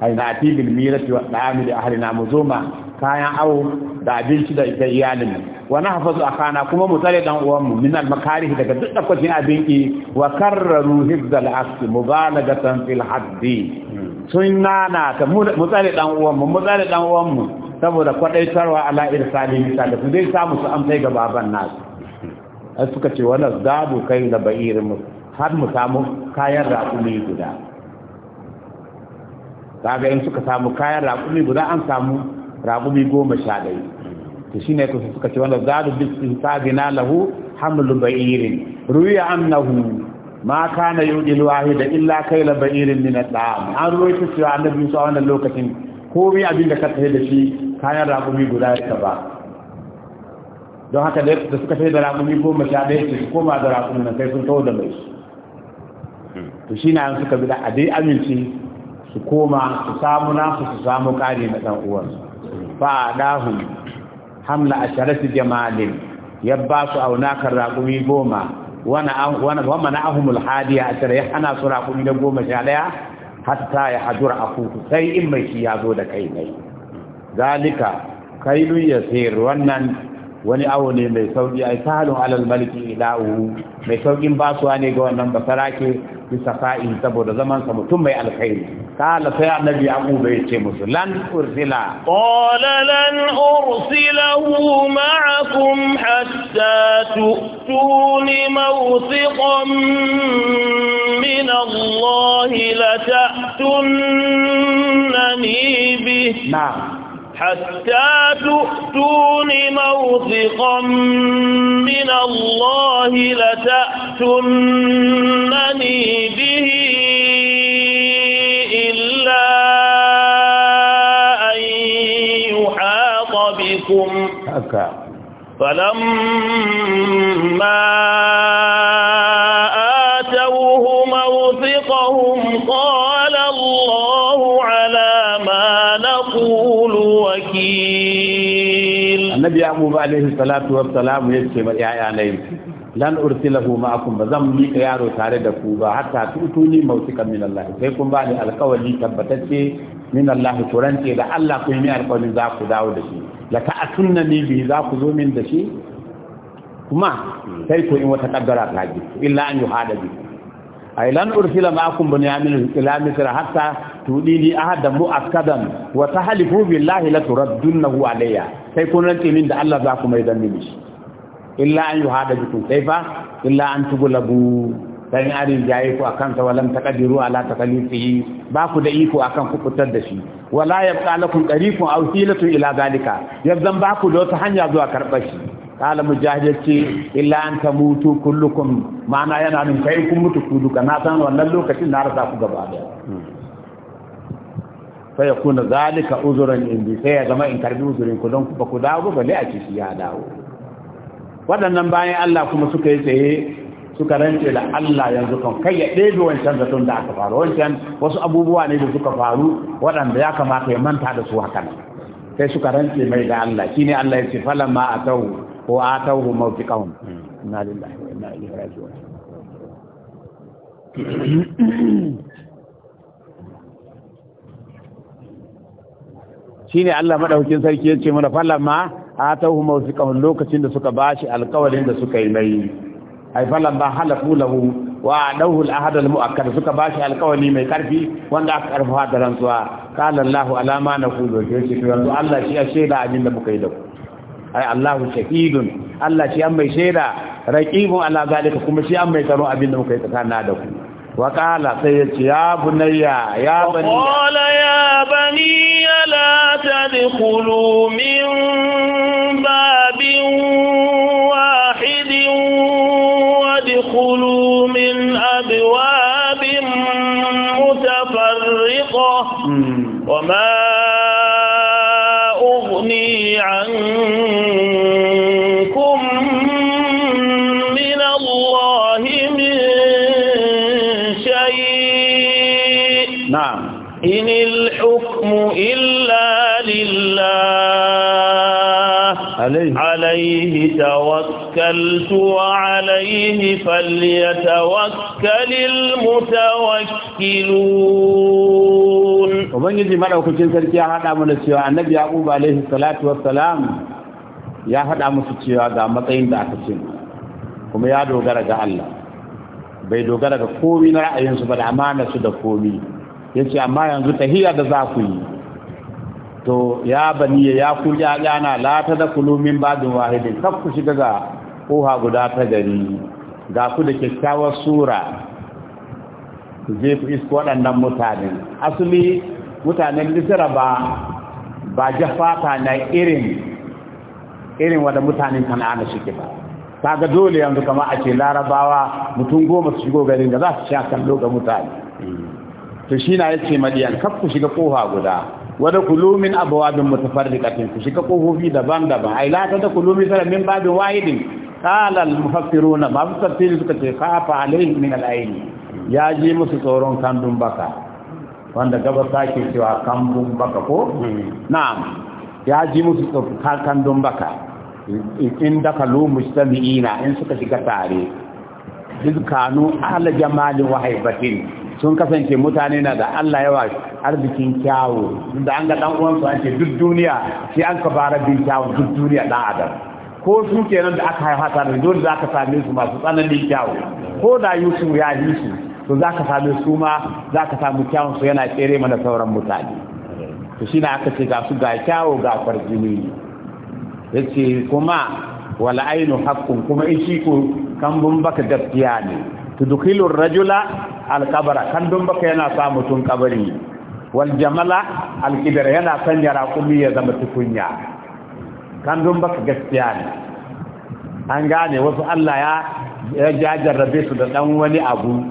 ai na tibil mirati wa dami da ahlina mu zo ma kayan awo da abinci da da iyalin mu wa nahfazu akana kuma mu tare dan uwan mu min al makarih daga duk dakwatin abinki wa karraru hibzal asl mubalagatan fil haddi sun na ta mu tsare dan uwan mu mu tsare dan uwan mu saboda kwadaitarwa ala irsali bisa da su dai samu su amsai ga baban nasu suka ce wannan zabu kai da ba'irin musu har mu samu kayan raƙumi guda kaga in suka samu kayan raƙumi guda an samu raƙumi goma sha ɗaya to shi ne kusa suka ce wanda za da sa gina lahu hamlu ba'irin ruya nahu ma kana yudil da illa kai la ba'irin min at'am an ta cewa annabi Musa wannan lokacin komai abin da ka tafi da shi kayan raƙumi guda ya taba don haka da suka sai da raƙumi goma sha ɗaya su koma da raƙumi na sai sun kawo da mai su to shi na suka bi da a dai amince su koma su samu nasu su samu kare na ɗan uwansu fa dahun hamla asharati jamalin ya ba su kan raƙumi goma wama na ahumul hadiya a ya hana su raƙumi na goma sha ɗaya hatta ya hajjura a kuku sai in mai shi ya zo da kai mai zalika kailun ya sayar wannan wani awo ne mai sauƙi a sahalun alal maliki ila'u mai sauƙin basuwa ne ga wannan basarake bi safa'i saboda zaman sa mutum mai alkhairi kala sai annabi abu bai ce musu lan ursila qala lan ursilahu ma'akum hatta tu'tuni mawthiqan min Allah la ta'tunni bi na'am حتى تؤتوني موثقا من الله لتأتنني به إلا أن يحاط بكم فلما آتوه موثقهم قال الله وكيل النبي salatu عليه ya ce يجتمع يا nayi lan ursilahu ma'akum ba zan miƙa yaro tare da ku ba hatta tutuni mautikan min Allah sai kun ba ni alƙawari tabbatacce min Allah turanti da Allah ku yi alƙawari za ku dawo da shi la ta'atunna ni bi za ku zo min da shi kuma sai ko in wata kaddara ta ji illa an yuhada bi ay lan ursila ma'akum bunyamin ila misra hatta tudini ahadan mu'akkadan wa tahlifu billahi la turaddunahu alayya sai kun rantse min da Allah za ku mai dan mini illa an yuhada bikum kaifa illa an tuglabu sai an rinjaye ku akan ta walam taqdiru ala takalifihi ba ku da iko akan ku fitar da shi wala yabqa lakum tariqun aw hilatu ila zalika yanzan ba ku da wata hanya zuwa karbar shi kala mujahidci illa an tamutu kullukum ma'ana yana nufin kai kun mutu ku duka na san wannan lokacin na rasa ku gaba daya fa ya kuna zalika uzuran indi sai ya zama in karbi uzurin ku don ba ku dawo ne a kishi ya dawo waɗannan bayan Allah kuma suka yi tsaye suka rance da Allah yanzu kan kai ya ɗebe wancan zaton da aka faru wancan wasu abubuwa ne da suka faru waɗanda ya kamata ya manta da su haka sai suka rance mai da Allah shi ne Allah ya ce falan ma a atahu ko a mawtiqahum inna lillahi wa ilaihi shine Allah madaukakin sarki yace mana falamma atahu mawsiqahum lokacin da suka bashi alƙawarin da suka yi mai ai falamma halafu lahu wa adahu al-ahad al-mu'akkad suka bashi alƙawari mai karfi wanda aka karfafa da rantsuwa qala Allah alama naqulu yace to Allah shi ya sheda abin da muka yi da ku ai Allah shahidun Allah shi an mai shaida raqibun ala zalika kuma shi an mai tsaro abin da muka yi tsakanin da ku وقال سيد يا بني يا بني وقال يا بني لا تدخلوا من باب واحد وادخلوا من أبواب متفرقة وما أغني عنكم إن الحكم إلا لله عليه, عليه توكلت وعليه فليتوكل المتوكلون ومن يجي مرة وكتين سركي هذا من السيوة النبي يعقوب عليه الصلاة والسلام يا هذا من السيوة هذا مطين دا أكسين kuma ya dogara ga Allah bai dogara ga komi na ra'ayinsu ba yace amma yanzu tahiyya da za ku yi to ya bani ya ku ya yana la da kulumin badin wahidin kaf ku shiga ga koha guda ta gari ga ku da kyakkyawar sura zai ku isko waɗannan mutanen asali mutanen lisira ba ba jafata na irin irin wanda mutanen kan'ana suke ba ga dole yanzu kama a ce larabawa mutum goma su shigo garin da za su sha kallo ga mutane to shi na yace madiyan kaf ku shiga kofa guda wada kulumin min abwabin mutafarriqatin ku shiga kofofi daban-daban ai la ta da kulumi sala min babin wahidin qala al mufassiruna ma tafsiri suka ce kafa alaihi min al ayni ya ji musu tsoron kandun baka wanda gaba sake cewa kandun baka ko na'am ya ji musu tsoron kandun baka in da lu mustami'ina in suka shiga tare dukkanu ala jamalin wahibatin sun kasance mutane na da Allah yawa arzikin kyawu da an ga dan uwansu an ce duk duniya shi an ka bara bin kyawu duk duniya dan adam ko su kenan da aka haifa tare dole za ka same su masu tsananin kyawu ko da Yusuf ya yi su to za ka same su ma za ka samu kyawun su yana tsere mana sauran mutane to shi na aka ce ga su ga kyawu ga farjini yace kuma wala ainu haqqun kuma in shi ko bun baka gaskiya ne tudkhilur rajula alqabra kan don baka yana sa mutun kabari wal jamala alkibra yana yara raƙumi ya zama tukunya kan don baka gaskiya ne an gane wasu Allah ya ya jarrabe su da dan wani abu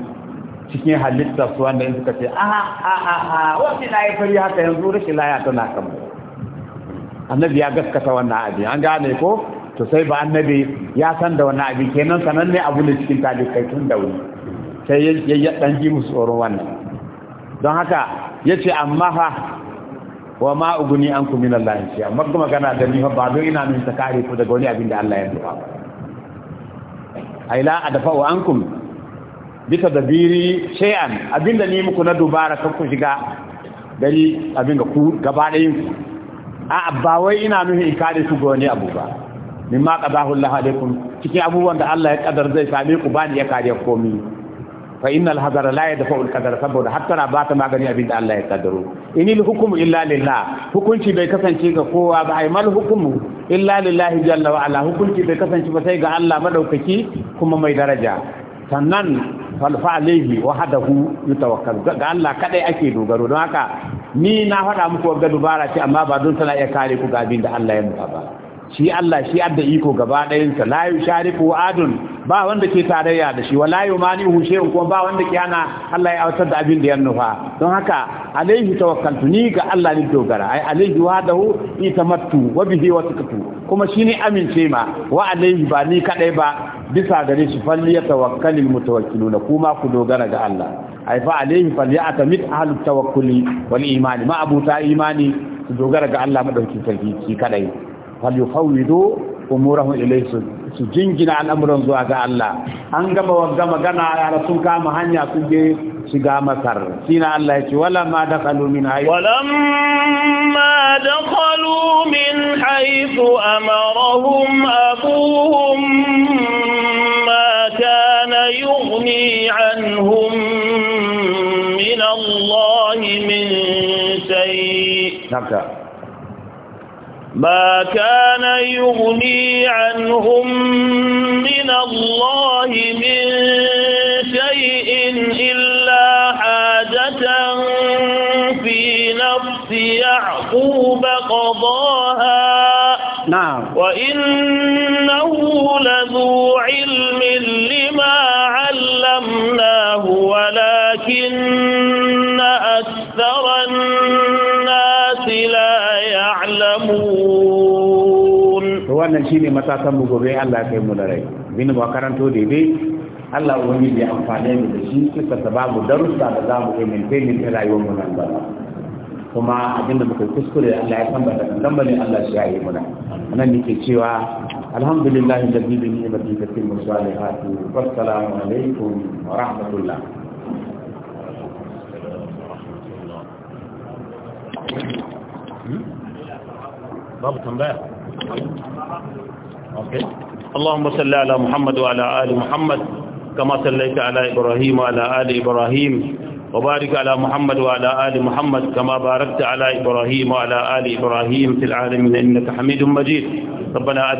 cikin halitta su wanda in suka ce a a a a wasu na yi fari haka yanzu rashin laya tana kan annabi ya gaskata wannan abin an gane ko to sai ba annabi ya san da wannan abin kenan sananne abu ne cikin talibai tun da wuri sai ya dan ji musu tsoron wannan don haka yace amma fa wa ma uguni ku min Allah shi amma kuma kana da ni ba don ina min ta kare ku daga wani abin da Allah ya nufa ai la adafa wa ankum bi dabiri shay'an abinda ni muku na dubara kan ku shiga gari abin da ku gaba ɗayan ku a abba wai ina nuhin kare su ga wani abu ba ma qadahu Allah alaikum cikin abubuwan da Allah ya kadar zai same ku bani ya kare komi fa innal hadara la yadfa al qadar saboda hatta ba ta magani abin da Allah ya kadaro inil hukmu illa lillah hukunci bai kasance ga kowa ba ai mal hukmu illa lillahi jalla wa ala hukunci bai kasance ba sai ga Allah madaukaki kuma mai daraja sannan falfa alaihi wahdahu yatawakkal ga Allah kadai ake dogaro don haka ni na faɗa muku ga dubara ce amma ba don tana iya kare ku ga abin da Allah ya muka ba shi Allah shi adda iko gaba ɗayansa la yushariku adun ba wanda ke tarayya da shi wala yumanihu shay'un kuma ba wanda ke ana Allah ya autar da abin da ya nufa don haka alaihi tawakkaltu ni ga Allah ni dogara ai alaihi wahdahu itamattu wa bihi watakatu kuma shi shine amince ma wa alaihi ba ni kadai ba bisa gare shi falli yatawakkalul mutawakkiluna kuma ku dogara ga Allah ai fa alaihi falyatamit ahlut tawakkuli wal imani ma abuta imani su dogara ga Allah madauki sarki kadai فليفوضوا امورهم اليه سجنجنا عن امر زوا الله ان غما وغما يا رسول كما هنيا كجي شيغا مكر سينا الله يقول ولا ما دخلوا من حيث ولم دخلوا من حيث امرهم ابوهم ما كان يغني عنهم من الله من شيء نعم. ما كان يغني عنهم من الله من شيء إلا حاجة في نفس يعقوب قضاها نعم وإنه لذو علم لما علمناه ولكن أكثر الناس لا يعلمون wannan shine matakan mu gobe Allah kai mu da rai bin ba karanto daidai Allah wani ya amfane mu da shi kisa ta babu darussa da za mu ilminte min ta rayuwar mu nan gaba kuma da muka kuskure Allah ya tambata kan tambane Allah shi ya yi muna nan nake cewa alhamdulillah da bi ni'mati kathir musalihati wassalamu alaikum wa rahmatullah hmm? babu tambaya okay اللهم صل على محمد وعلى آل محمد كما صليت على إبراهيم وعلى آل إبراهيم وبارك على محمد وعلى آل محمد كما باركت على إبراهيم وعلى آل إبراهيم في العالمين إنك حميد مجيد ربنا